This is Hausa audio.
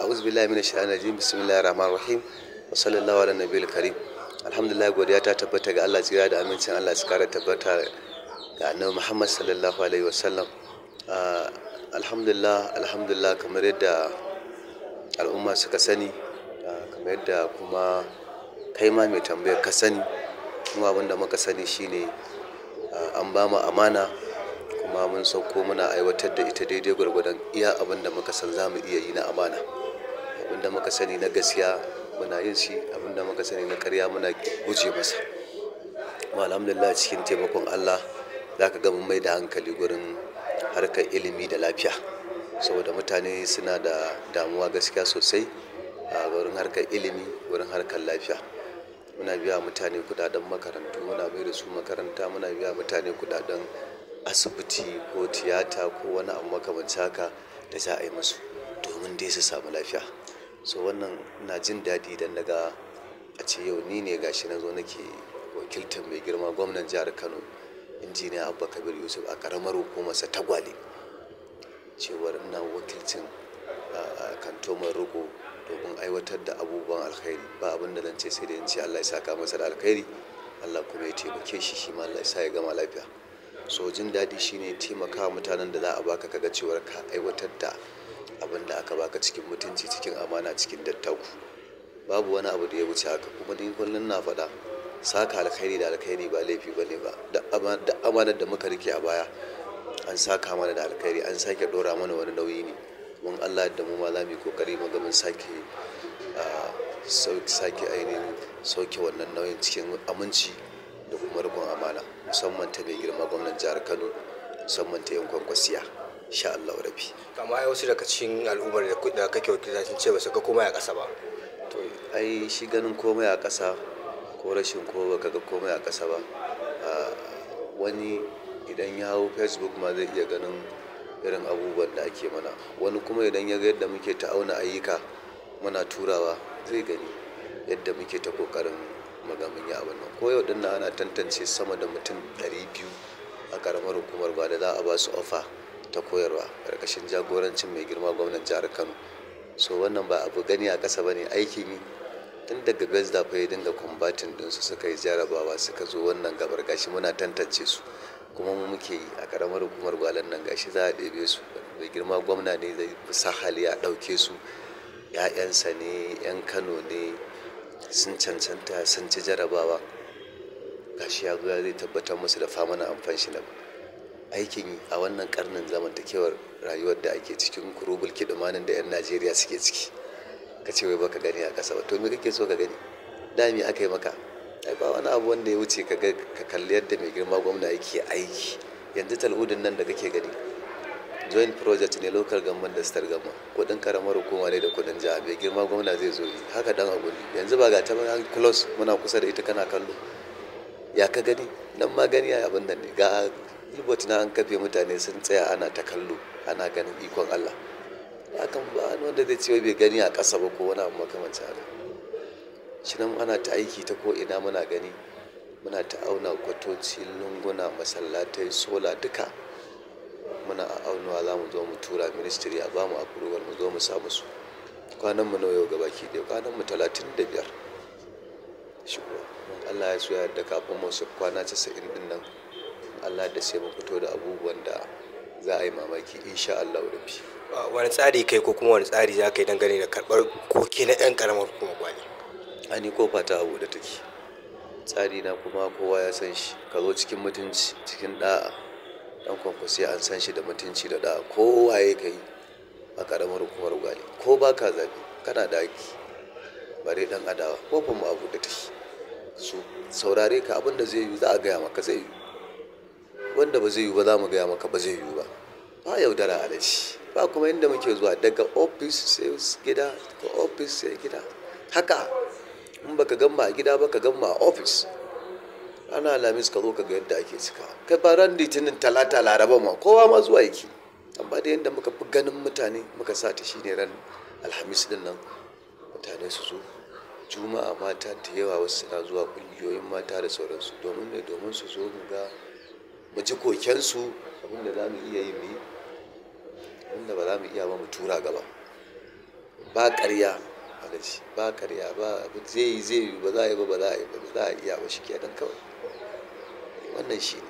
a'udhu billahi minash shaitanir rajim bismillahir rahmanir rahim wa sallallahu ala nabiyil karim alhamdulillah godiya ta tabbata ga Allah tsira da amincin Allah su kara tabbata ga annabi Muhammad sallallahu alaihi wasallam ah, alhamdulillah alhamdulillah kamar yadda al'umma suka sani ah, kamar yadda kuma kai ma mai tambayar ka sani kuma abinda muka sani shine ah, an ba mu amana kuma mun sauko muna aiwatar da ita daidai gwargwadon iya abinda muka san za mu iya yi na amana abinda muka sani na gaskiya muna yin shi abinda muka sani na karya muna guje masa kuma alhamdulillah cikin taimakon Allah za ka gama mai da hankali gurin harkar ilimi da lafiya saboda mutane suna da damuwa gaskiya sosai a wurin harkar ilimi wurin harkar lafiya muna biya mutane kudaden makarantu muna bai da su makaranta muna biya mutane kudaden asibiti ko tiyata ko wani abu makamanci haka da za a yi musu domin dai su samu lafiya so wannan na jin daɗi da na a ce yau ni ne gashi na zo nake wakiltar mai girma gwamnan jihar kano injiniya abba kabir yusuf a karamar sa ta gwale cewar ina wakilcin ah, kantomar riko domin aiwatar da abubuwan alkhairi ba abin da ce sai da in ce allah ya saka masa da alkhairi allah kuma ya taimake shi shi ma allah ya sa ya gama lafiya so jin daɗi shine taimaka mutanen da za a baka kaga cewar ka aiwatar da abin da aka baka cikin mutunci cikin amana cikin dattaku babu wani abu da ya wuce haka kuma ni kullun na faɗa saka alkhairi da alkhairi ba laifi bane ba da amanar da muka rike a baya an saka mana da alkhairi an sake dora mana wani nauyi ne mun Allah da mu ma za mu yi kokari mu ga mun sake sake ainihin sauke wannan nauyin cikin aminci da kuma rikon amana musamman ta mai girma gwamnan jihar Kano musamman ta yankon kwasiya insha Allah rabi amma ai wasu daga cikin al'ummar da kake wakilta sun ce ba su ga komai a ƙasa ba to ai shi ganin komai a ƙasa ko rashin ko ba ga komai a ƙasa ba wani idan ya hau facebook ma zai iya ganin irin abubuwan da ake mana wani kuma idan ya ga yadda muke ta auna ayyuka muna turawa zai gani yadda muke ta kokarin magamin ya abin ko yau na ana tantance sama da mutum 200 a karamar hukumar ba da za a ba su ofa ta koyarwa karkashin jagorancin mai girma gwamnan jihar kano so wannan ba abu gani a ƙasa ba ne aikin yi tun daga bezda fa ya dinga kumbatin su suka yi jarabawa suka zo wannan gabar gashi muna tantance su kuma mu muke yi a ƙaramar hukumar gwalan nan gashi za a ɗebe su mai girma gwamna ne zai fi sahali a ɗauke su ‘ya'yansa ne ‘yan kano ne sun cancanta sun ci jarabawa gashi ya zai tabbatar musu da famana amfani shi na ba aikin a wannan karnin zamantakewar rayuwar da ake cikin kurubul kidumanin da 'yan najeriya suke ciki ka ce wai baka gani a kasa ba to me kake so ka gani dami aka yi maka ai ba wani abu wanda ya wuce ka ka kalli yadda mai girma gwamna yake aiki yanzu talhudin nan da kake gani joint project ne local government da star government kudin karamar hukuma ne da kudin jiha mai girma gwamna zai zo yi haka dan ne yanzu ba ga ta ba close muna kusa da ita kana kallo ya ka gani nan ma gani abin nan ne ga ibot na an kafe mutane sun tsaya ana ta kallo ana ganin ikon allah akan ba wanda zai ce bai gani a ƙasa ba ko wani abu makamancin haka shi nan ana ta aiki ta ko ina muna gani muna ta auna kwatoci lunguna masallatai sola duka muna a aunawa za mu zo mu tura ministry a bamu approval mu zo mu samu su kwanan mu nawa yau gabaki da kwanan mu talatin da biyar allah ya so ya da kafin mu su kwana casa'in din nan Allah da sai mu fito da abubuwan da za a yi mamaki insha Allah rabbi wani tsari kai ko kuma wani tsari za ka yi dangane da karɓar koke na yan karamar kuma kwali ani ko fata abu da take tsari na kuma kowa ya san shi ka zo cikin mutunci cikin da'a dan sai an san shi da mutunci da da'a kowa ya kai a karamar hukumar gwali ko ba ka zabi kana da haki bare dan adawa ko kuma abu da take su saurare ka abin da zai yi za a gaya maka zai yi wanda ba zai yi ba za mu gaya maka ba zai yi ba ba yaudara alaji ba kuma inda muke zuwa daga ofis sai gida daga ofis sai gida haka in baka gamma a gida baka gamma a ofis ana lamis ka zo ka ga yadda ake cika kai ba ran litinin talata laraba ma kowa ma zuwa yake amma da yadda muka fi ganin mutane muka sa ta shine ran alhamis din nan mutane su zo juma'a mata da yawa wasu suna zuwa kungiyoyin mata da sauransu domin ne domin su zo mu ga mu ji kokensu abinda za mu iya yi mu wanda ba za mu iya ba mu tura gaba ba a alaji ba karya ba zai yi zai yi ba za a yi ba ba za a yi ba za a iya ba shi kenan kawai wannan shi ne